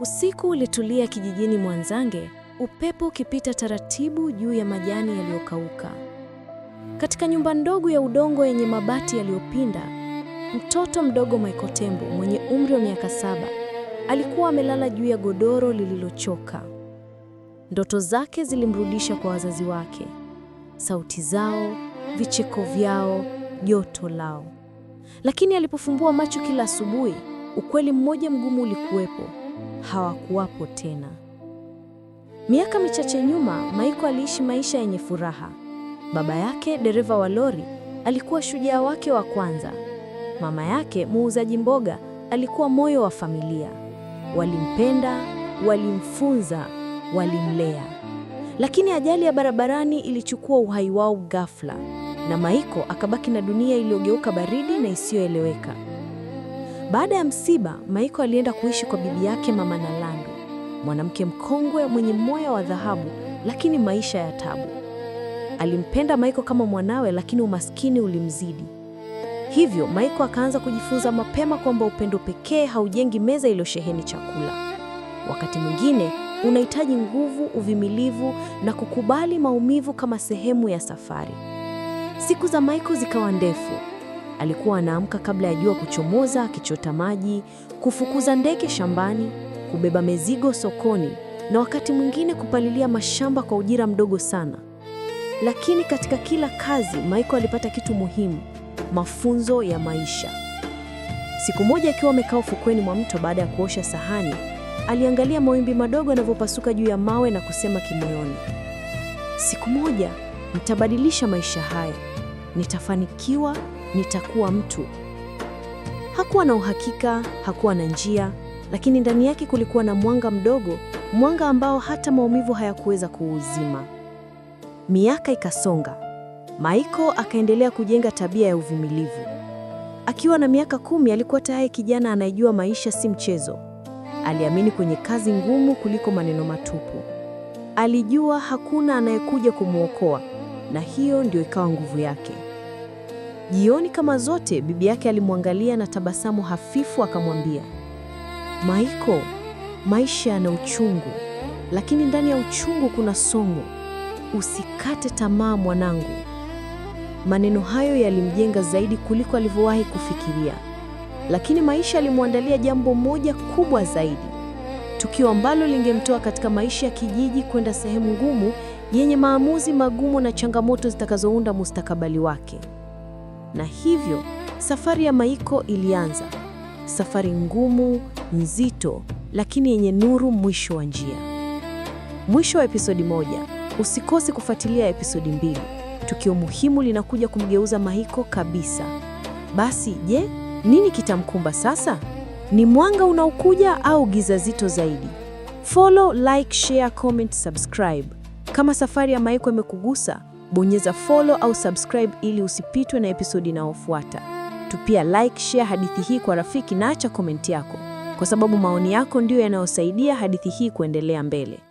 Usiku ulitulia kijijini Mwanzange, upepo ukipita taratibu juu ya majani yaliyokauka. Katika nyumba ndogo ya udongo yenye mabati yaliyopinda, mtoto mdogo Michael Tembo mwenye umri wa miaka saba alikuwa amelala juu ya godoro lililochoka. Ndoto zake zilimrudisha kwa wazazi wake, sauti zao, vicheko vyao, joto lao. Lakini alipofumbua macho kila asubuhi, ukweli mmoja mgumu ulikuwepo hawakuwapo tena. Miaka michache nyuma, Maiko aliishi maisha yenye furaha. Baba yake, dereva wa lori, alikuwa shujaa wake wa kwanza. Mama yake, muuzaji mboga, alikuwa moyo wa familia. Walimpenda, walimfunza, walimlea. Lakini ajali ya barabarani ilichukua uhai wao ghafla, na Maiko akabaki na dunia iliyogeuka baridi na isiyoeleweka. Baada ya msiba, Maiko alienda kuishi kwa bibi yake Mama Nalandu, mwanamke mkongwe mwenye moyo wa dhahabu, lakini maisha ya tabu. Alimpenda Maiko kama mwanawe, lakini umaskini ulimzidi. Hivyo Maiko akaanza kujifunza mapema kwamba upendo pekee haujengi meza iliyosheheni chakula. Wakati mwingine unahitaji nguvu, uvimilivu na kukubali maumivu kama sehemu ya safari. Siku za Maiko zikawa ndefu. Alikuwa anaamka kabla ya jua kuchomoza, akichota maji, kufukuza ndege shambani, kubeba mizigo sokoni, na wakati mwingine kupalilia mashamba kwa ujira mdogo sana. Lakini katika kila kazi, Michael alipata kitu muhimu, mafunzo ya maisha. Siku moja, akiwa amekaa ufukweni mwa mto baada ya kuosha sahani, aliangalia mawimbi madogo yanavyopasuka juu ya mawe na kusema kimoyoni, siku moja nitabadilisha maisha haya, nitafanikiwa nitakuwa mtu. Hakuwa na uhakika, hakuwa na njia, lakini ndani yake kulikuwa na mwanga mdogo, mwanga ambao hata maumivu hayakuweza kuuzima. Miaka ikasonga, Maiko akaendelea kujenga tabia ya uvumilivu. Akiwa na miaka kumi alikuwa tayari kijana anayejua maisha si mchezo. Aliamini kwenye kazi ngumu kuliko maneno matupu. Alijua hakuna anayekuja kumwokoa, na hiyo ndio ikawa nguvu yake. Jioni kama zote, bibi yake alimwangalia na tabasamu hafifu akamwambia, Maiko, maisha yana uchungu, lakini ndani ya uchungu kuna somo. Usikate tamaa mwanangu. Maneno hayo yalimjenga zaidi kuliko alivyowahi kufikiria, lakini maisha alimwandalia jambo moja kubwa zaidi, tukio ambalo lingemtoa katika maisha ya kijiji kwenda sehemu ngumu yenye maamuzi magumu na changamoto zitakazounda mustakabali wake. Na hivyo safari ya Maiko ilianza, safari ngumu, nzito, lakini yenye nuru mwisho wa njia. Mwisho wa episodi moja. Usikose kufuatilia episodi mbili. Tukio muhimu linakuja kumgeuza Maiko kabisa. Basi je, nini kitamkumba sasa? Ni mwanga unaokuja au giza zito zaidi? Follow, like, share, comment, subscribe. Kama safari ya Maiko imekugusa Bonyeza follow au subscribe ili usipitwe na episodi inayofuata. Tupia like, share hadithi hii kwa rafiki na acha komenti yako, kwa sababu maoni yako ndiyo yanayosaidia hadithi hii kuendelea mbele.